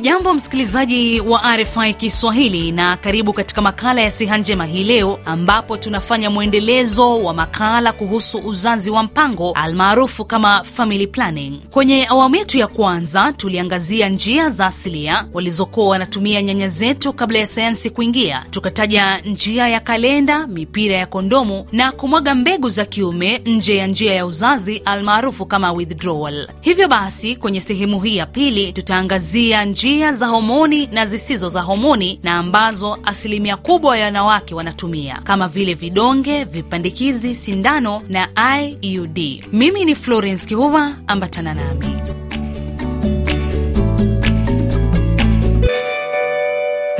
Hujambo msikilizaji wa RFI Kiswahili na karibu katika makala ya siha njema hii leo, ambapo tunafanya mwendelezo wa makala kuhusu uzazi wa mpango almaarufu kama family planning. Kwenye awamu yetu ya kwanza tuliangazia njia za asilia walizokuwa wanatumia nyanya zetu kabla ya sayansi kuingia, tukataja njia ya kalenda, mipira ya kondomu na kumwaga mbegu za kiume nje ya njia ya uzazi almaarufu kama withdrawal. Hivyo basi, kwenye sehemu hii ya pili tutaangazia njia njia za homoni na zisizo za homoni na ambazo asilimia kubwa ya wanawake wanatumia kama vile vidonge, vipandikizi, sindano na IUD. E Mimi ni Florence Kibuba, ambatana nami.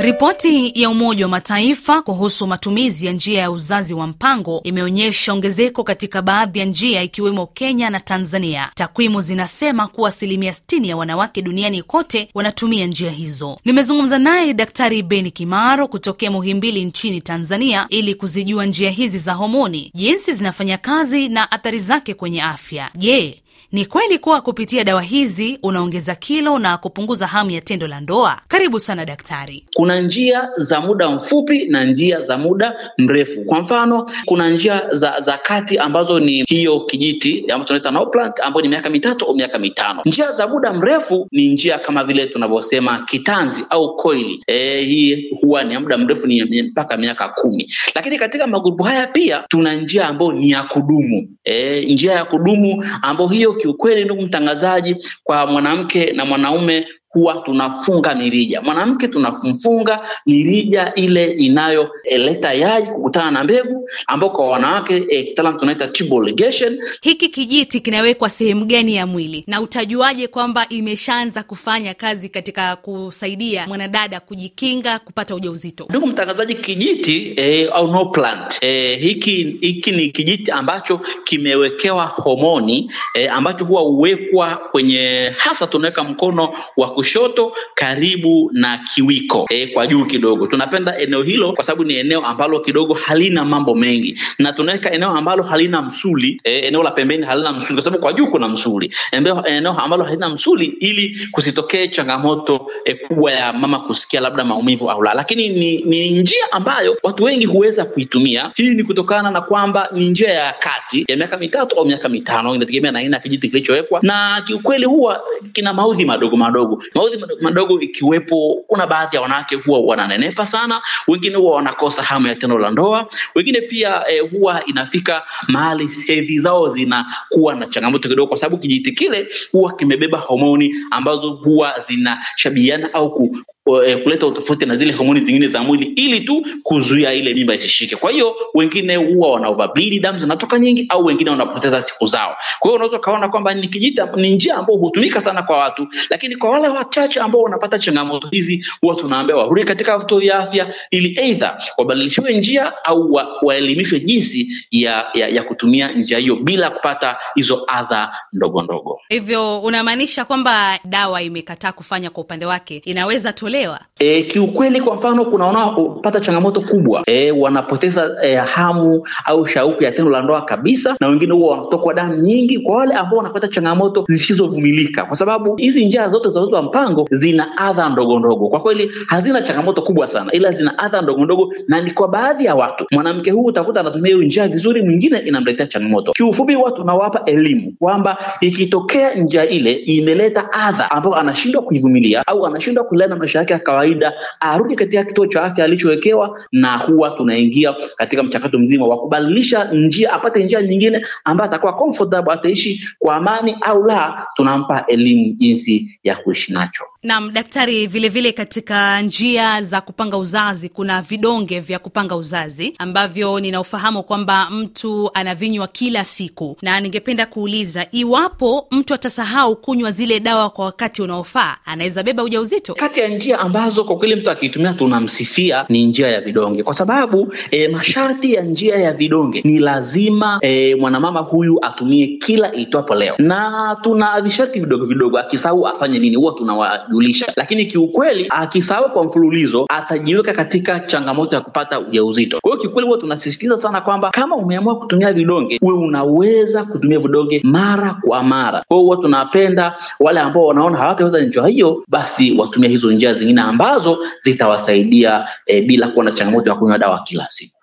Ripoti ya Umoja wa Mataifa kuhusu matumizi ya njia ya uzazi wa mpango imeonyesha ongezeko katika baadhi ya njia ikiwemo Kenya na Tanzania. Takwimu zinasema kuwa asilimia 60 ya wanawake duniani kote wanatumia njia hizo. Nimezungumza naye Daktari Beni Kimaro kutokea Muhimbili nchini Tanzania ili kuzijua njia hizi za homoni, jinsi zinafanya kazi na athari zake kwenye afya. Je, ni kweli kuwa kupitia dawa hizi unaongeza kilo na kupunguza hamu ya tendo la ndoa? Karibu sana daktari. Kuna njia za muda mfupi na njia za muda mrefu. Kwa mfano, kuna njia za, za kati ambazo ni hiyo kijiti ambayo tunaita ambayo ni miaka mitatu au miaka mitano. Njia za muda mrefu ni njia kama vile tunavyosema kitanzi au koili. E, hii huwa ni muda mrefu, ni mpaka miaka kumi. Lakini katika magrupu haya pia tuna njia ambayo ni ya kudumu e, njia ya kudumu ambayo hiyo kiukweli, ndugu mtangazaji, kwa mwanamke na mwanaume kuwa tunafunga mirija. Mwanamke tunamfunga mirija ile inayoleta yai kukutana na mbegu, ambao kwa wanawake e, kitaalamu tunaita tubal ligation. Hiki kijiti kinawekwa sehemu gani ya mwili na utajuaje kwamba imeshaanza kufanya kazi katika kusaidia mwanadada kujikinga kupata ujauzito? Ndugu mtangazaji, kijiti e, au no plant e, hiki hiki ni kijiti ambacho kimewekewa homoni e, ambacho huwa uwekwa kwenye hasa tunaweka mkono wa kushoto karibu na kiwiko e, kwa juu kidogo. Tunapenda eneo hilo kwa sababu ni eneo ambalo kidogo halina mambo mengi, na tunaweka eneo ambalo halina msuli e, eneo la pembeni halina msuli kwa sababu kwa juu kuna msuli, eneo ambalo halina msuli ili kusitokee changamoto e, kubwa ya mama kusikia labda maumivu au la. Lakini ni, ni njia ambayo watu wengi huweza kuitumia. Hii ni kutokana na kwamba ni njia ya kati ya miaka mitatu au miaka mitano, inategemea na aina ya kijiti kilichowekwa, na kiukweli huwa kina maudhi madogo madogo maudhi madogo ikiwepo, kuna baadhi ya wanawake huwa wananenepa sana, wengine huwa wanakosa hamu ya tendo la ndoa, wengine pia eh, huwa inafika mahali hedhi zao zinakuwa na changamoto kidogo, kwa sababu kijiti kile huwa kimebeba homoni ambazo huwa zinashabihiana au ku Eh, kuleta utofauti na zile homoni zingine za mwili ili tu kuzuia ile mimba isishike. Kwa hiyo wengine huwa wanaovabili damu zinatoka nyingi, au wengine wanapoteza siku zao. Kwa hiyo unaweza ukaona kwamba ni kijita, ni njia ambayo hutumika sana kwa watu, lakini kwa wale wachache ambao wanapata changamoto hizi, huwa tunaambia warudi katika vituo vya afya ili aidha wabadilishiwe njia au wa, waelimishwe jinsi ya, ya, ya kutumia njia hiyo bila kupata hizo adha ndogo ndogo. Hivyo unamaanisha kwamba dawa imekataa kufanya kwa upande wake, inaweza tole kuokolewa? E, kiukweli kwa mfano kuna wanaopata changamoto kubwa e, wanapoteza e, hamu au shauku ya tendo la ndoa kabisa, na wengine huwa wanatokwa damu nyingi, kwa wale ambao wanapata changamoto zisizovumilika, kwa sababu hizi njia zote za mpango zina adha ndogo ndogo, kwa kweli hazina changamoto kubwa sana, ila zina adha ndogo ndogo, na ni kwa baadhi ya watu. Mwanamke huu utakuta anatumia hiyo njia vizuri, mwingine inamletea changamoto. Kiufupi, huwa tunawapa elimu kwamba ikitokea njia ile imeleta adha ambayo anashindwa kuivumilia au anashindwa kulea na maisha yake ya kawaida, arudi katika kituo cha afya alichowekewa, na huwa tunaingia katika mchakato mzima wa kubadilisha njia, apate njia nyingine ambayo atakuwa comfortable, ataishi kwa amani au la, tunampa elimu jinsi ya kuishi nacho. Naam, daktari, vilevile vile katika njia za kupanga uzazi kuna vidonge vya kupanga uzazi ambavyo ninaufahamu kwamba mtu anavinywa kila siku, na ningependa kuuliza iwapo mtu atasahau kunywa zile dawa kwa wakati unaofaa, anaweza beba ujauzito? Kati ya njia njia ambazo kwa kweli mtu akiitumia tunamsifia ni njia ya vidonge, kwa sababu e, masharti ya njia ya vidonge ni lazima e, mwanamama huyu atumie kila itwapo leo, na tuna visharti vidogo vidogo, akisahau afanye nini, huwa tunawajulisha. Lakini kiukweli akisahau kwa mfululizo, atajiweka katika changamoto ya kupata ujauzito. Kwa hiyo kiukweli, huwa tunasisitiza sana kwamba kama umeamua kutumia vidonge, uwe unaweza kutumia vidonge mara kwa mara. Kwa hiyo huwa tunapenda wale ambao wanaona hawataweza njia hiyo, basi watumia hizo njia zingine ambazo zitawasaidia e, bila kuwa na changamoto ya kunywa dawa kila siku.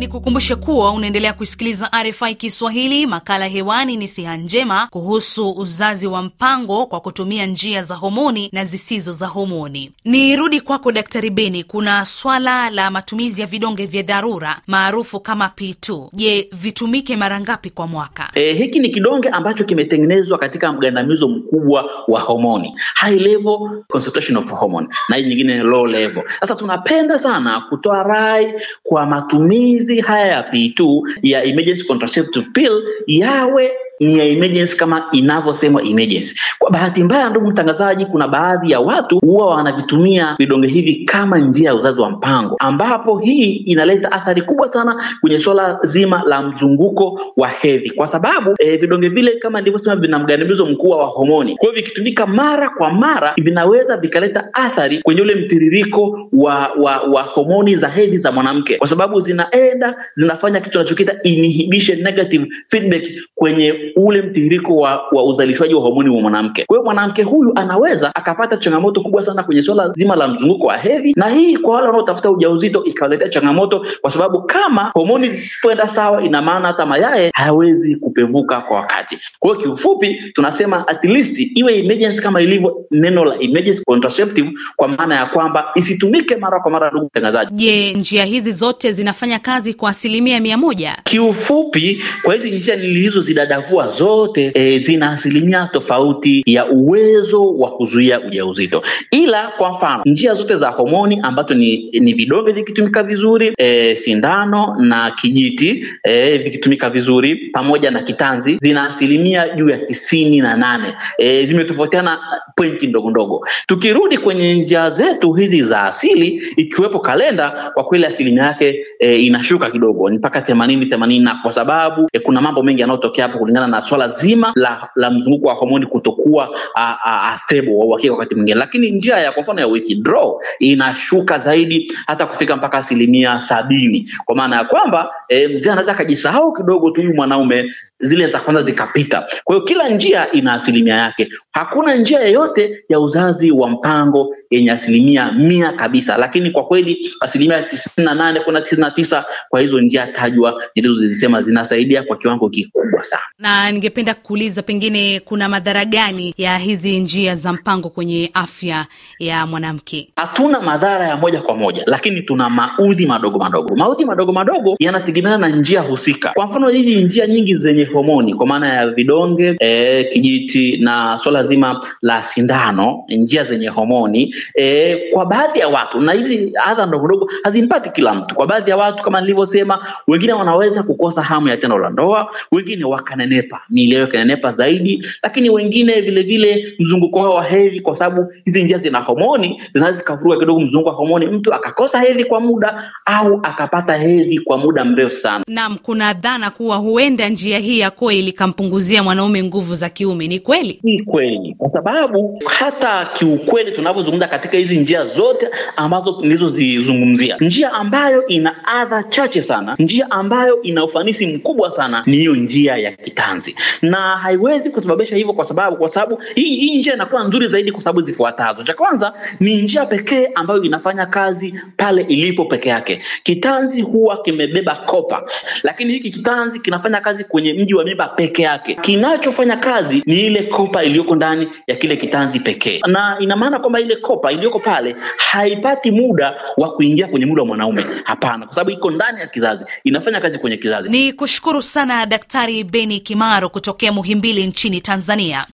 ni kukumbushe kuwa unaendelea kusikiliza RFI Kiswahili. Makala hewani ni siha njema kuhusu uzazi wa mpango kwa kutumia njia za homoni na zisizo za homoni. Nirudi kwako Daktari Beni, kuna swala la matumizi ya vidonge vya dharura maarufu kama P2. Je, vitumike mara ngapi kwa mwaka? E, hiki ni kidonge ambacho kimetengenezwa katika mgandamizo mkubwa wa homoni, high level concentration of hormone, na hii nyingine low level. Sasa tunapenda sana kutoa rai kwa matumizi matumizi haya ya P2 ya emergency contraceptive pill yawe ni ya emergency kama inavyosemwa emergency. Kwa bahati mbaya, ndugu mtangazaji, kuna baadhi ya watu huwa wanavitumia vidonge hivi kama njia ya uzazi wa mpango, ambapo hii inaleta athari kubwa sana kwenye swala zima la mzunguko wa hedhi, kwa sababu e, vidonge vile kama nilivyosema, vina mgandamizo mkubwa wa homoni. Kwa vikitumika mara kwa mara vinaweza vikaleta athari kwenye ule mtiririko wa, wa, wa homoni za hedhi za mwanamke, kwa sababu zina zinaenda zinafanya kitu anachokita inhibition negative feedback kwenye ule mtiririko wa, wa uzalishwaji wa homoni wa mwanamke. Kwa hiyo mwanamke huyu anaweza akapata changamoto kubwa sana kwenye swala zima la mzunguko wa hedhi, na hii kwa wale wanaotafuta ujauzito ikawaletea changamoto, kwa sababu kama homoni zisipoenda sawa, ina maana hata mayai hayawezi kupevuka kwa wakati. Kwa hiyo kiufupi, tunasema at least iwe emergency kama ilivyo neno la emergency contraceptive, kwa maana ya kwamba isitumike mara kwa mara. Ndugu mtangazaji, je, njia hizi zote zinafanya kazi kazi kwa asilimia mia moja. Kiufupi, kwa hizi njia zidadavua zote e, zina asilimia tofauti ya uwezo wa kuzuia ujauzito, ila kwa mfano njia zote za homoni ambazo ni, ni vidonge vikitumika vizuri e, sindano na kijiti e, vikitumika vizuri pamoja na kitanzi zina asilimia juu ya tisini na nane. E, zimetofautiana pointi ndogo ndogo. Tukirudi kwenye njia zetu hizi za asili ikiwepo kalenda, kwa kweli asilimia yake e, inashuka kushuka kidogo, ni mpaka themanini themanini na kwa sababu eh, kuna mambo mengi yanayotokea hapo kulingana na swala zima la, la mzunguko wa homoni kutokuwa a, a, a stable wa uhakika wakati mwingine, lakini njia ya kwa mfano ya withdraw inashuka zaidi hata kufika mpaka asilimia sabini kwa maana ya kwamba eh, mzee anaweza akajisahau kidogo tu huyu mwanaume zile za kwanza zikapita. Kwa hiyo kila njia ina asilimia yake. Hakuna njia yoyote ya uzazi wa mpango yenye asilimia mia kabisa, lakini kwa kweli asilimia tisini na nane kuna tisini na tisa kwa hizo njia tajwa nilizozisema zinasaidia kwa kiwango kikubwa sana. Na ningependa kuuliza pengine, kuna madhara gani ya hizi njia za mpango kwenye afya ya mwanamke? Hatuna madhara ya moja kwa moja, lakini tuna maudhi madogo madogo. Maudhi madogo madogo yanategemeana na njia husika. Kwa mfano, hizi njia nyingi zenye homoni kwa maana ya vidonge, e, kijiti na swala zima la sindano, njia zenye homoni e, kwa baadhi ya watu, na hizi adha ndogo ndogo hazimpati kila mtu. Kwa baadhi ya watu kama nilivyosema, wengine wanaweza kukosa hamu ya tendo la ndoa, wengine wakanenepa, nielewe kanenepa zaidi, lakini wengine vilevile mzunguko wao wa hedhi, kwa sababu hizi njia zina homoni zinaweza zikavuruga kidogo mzungu wa homoni, mtu akakosa hedhi kwa muda au akapata hedhi kwa muda mrefu sana. nam kuna dhana kuwa huenda njia hii ya koi ilikampunguzia mwanaume nguvu za kiume. Ni kweli? Si kweli, kwa sababu hata kiukweli tunavyozungumza katika hizi njia zote ambazo nilizozizungumzia. Njia ambayo ina adha chache sana, njia ambayo ina ufanisi mkubwa sana ni hiyo njia ya kitanzi, na haiwezi kusababisha hivyo kwa sababu kwa sababu hii hii njia inakuwa nzuri zaidi kwa sababu zifuatazo. Cha kwanza ni njia pekee ambayo inafanya kazi pale ilipo peke yake. Kitanzi huwa kimebeba kopa, lakini hiki kitanzi kinafanya kazi kwenye mji wa miba peke yake. Kinachofanya kazi ni ile kopa iliyoko ndani ya kile kitanzi pekee, na ina maana kwamba ile kopa mikopa iliyoko pale haipati muda wa kuingia kwenye muda wa mwanaume. Hapana, kwa sababu iko ndani ya kizazi, inafanya kazi kwenye kizazi. Ni kushukuru sana Daktari Beni Kimaro kutokea Muhimbili nchini Tanzania.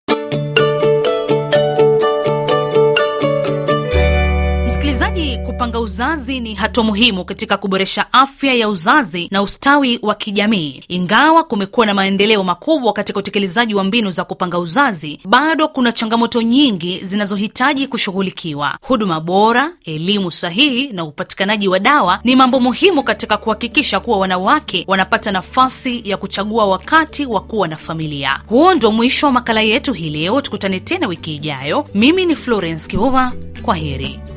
kupanga uzazi ni hatua muhimu katika kuboresha afya ya uzazi na ustawi wa kijamii. Ingawa kumekuwa na maendeleo makubwa katika utekelezaji wa mbinu za kupanga uzazi, bado kuna changamoto nyingi zinazohitaji kushughulikiwa. Huduma bora, elimu sahihi na upatikanaji wa dawa ni mambo muhimu katika kuhakikisha kuwa wanawake wanapata nafasi ya kuchagua wakati wa kuwa na familia. Huo ndo mwisho wa makala yetu hii leo. Tukutane tena wiki ijayo. Mimi ni Florence Kiuva, kwa heri.